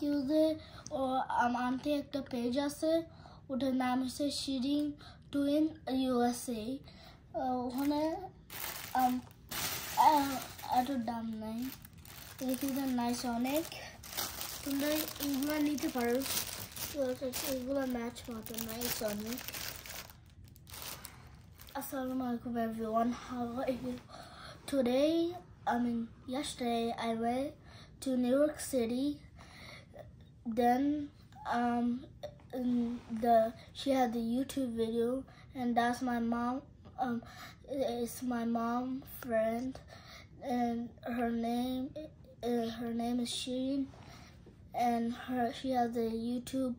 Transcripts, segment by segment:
Tuesday মান্থে একটা page আছে ওটার নাম হচ্ছে শিডিং টু ইন ইউএসএ ওখানে এত দাম নাই এগুলো নাইস অনেক তোমরা এইগুলো নিতে পারো এগুলো ম্যাচ মতো নাইস অনেক Assalamu alaikum everyone, how are you? Today, I mean yesterday, I went to New York City then um, the she had the YouTube video, and that's my mom. Um, it's my mom friend, and her name uh, her name is Sheen, and her she has a YouTube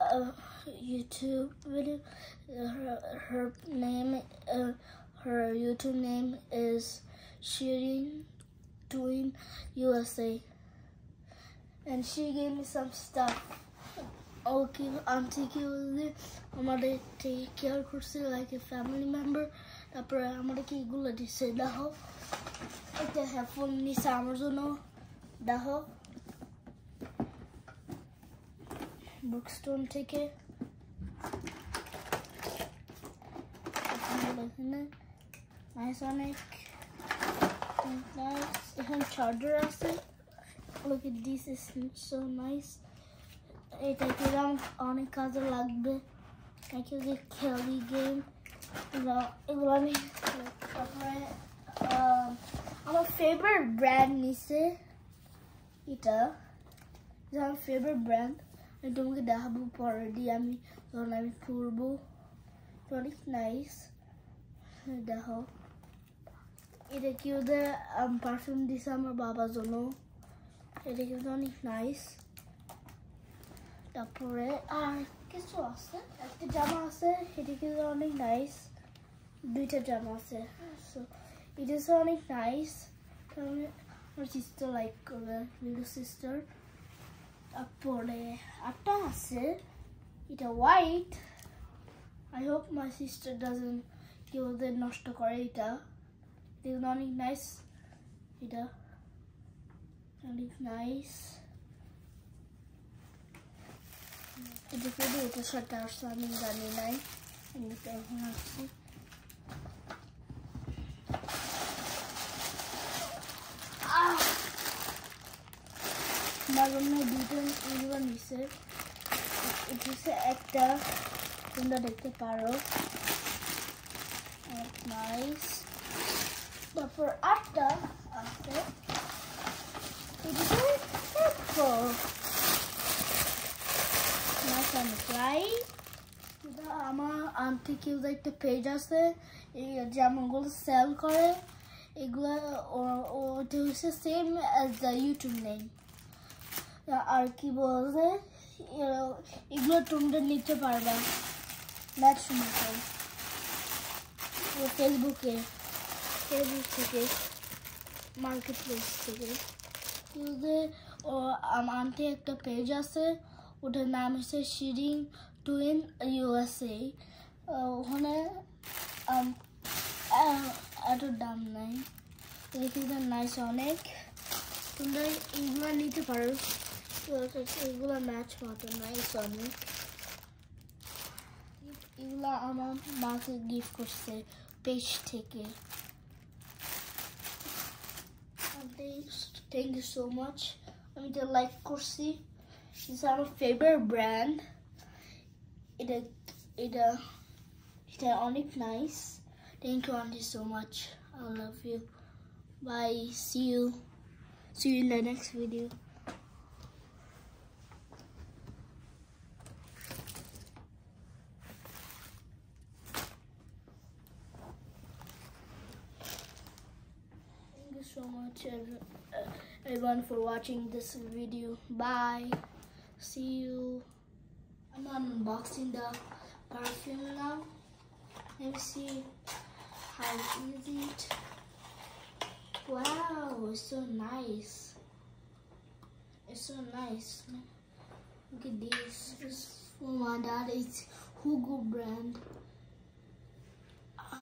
uh, YouTube video. Her her name uh, her YouTube name is Sheen Doing USA and she gave me some stuff. Okay, I'm taking this. I'm gonna take care of korche like a family member. I'm gonna of Tarpor amader ki gula have fun Ekta headphone ni samar jonno daho. Bookstone theke Nice, Sonic. Nice. charger, I see. look at this is so nice এটাকে অনেক কাজে লাগবে নাকি যে খেলি game এগুলো আমি তারপরে আমার ফেভারিট ব্র্যান্ড নিছে এটা যে আমার ফেভারিট ব্র্যান্ড আমি তোমাকে দেখাবো পরে দিয়ে আমি যখন আমি পরবো অনেক নাইস দেখো এটা কি ওদের পারফিউম দিছে আমার বাবার জন্য Das ist noch nice. The Brill. Ah, it's too aus? Das ist die Jamasse. Das ist noch nicht nice. Bitte Jamasse. So, it is only nice. My sister like, meine uh, little sister. The Apple. Atasse. It's a white. I hope my sister doesn't kill the nostalgia. It's only nice. It's that is nice. It is very good to shut down slamming ah! the nine and the thing. মালমে দুজন ইউনিভার নিছে এটিছে একটা তোমরা দেখতে nice. But for আটটা আছে purple. Now some right. আমার আম থেকে একটা পেজ আছে যে আমগুলো সেল করে এগুলো ওটা হচ্ছে same as the YouTube name আর কি বলছে এগুলো তোমরা নিতে পারবা ম্যাচ মতো ফেসবুকে ফেসবুক থেকে মার্কেট প্লেস থেকে আসলে ও আমি একটা পেজ আছে ওটার নাম হচ্ছে শিডিং টুইন ইউএসএ ওখানে এত দাম নাই এখানে নাইস অনেক তোমরা এইগুলো নিতে পারো এগুলো ম্যাচ মতো নাইস অনেক এগুলো আমার মাকে গিফট করছে পেজ থেকে Thanks. Thank you so much. I'm the light kursi. She's our favorite brand. It a uh, it a uh, it's a only nice. Thank you auntie so much. I love you. Bye. See you. See you in the next video. so much uh, everyone for watching this video. Bye. See you. I'm unboxing the perfume now. Let me see how is it. Wow, it's so nice. It's so nice. Look at this. Oh my God, It's Hugo brand.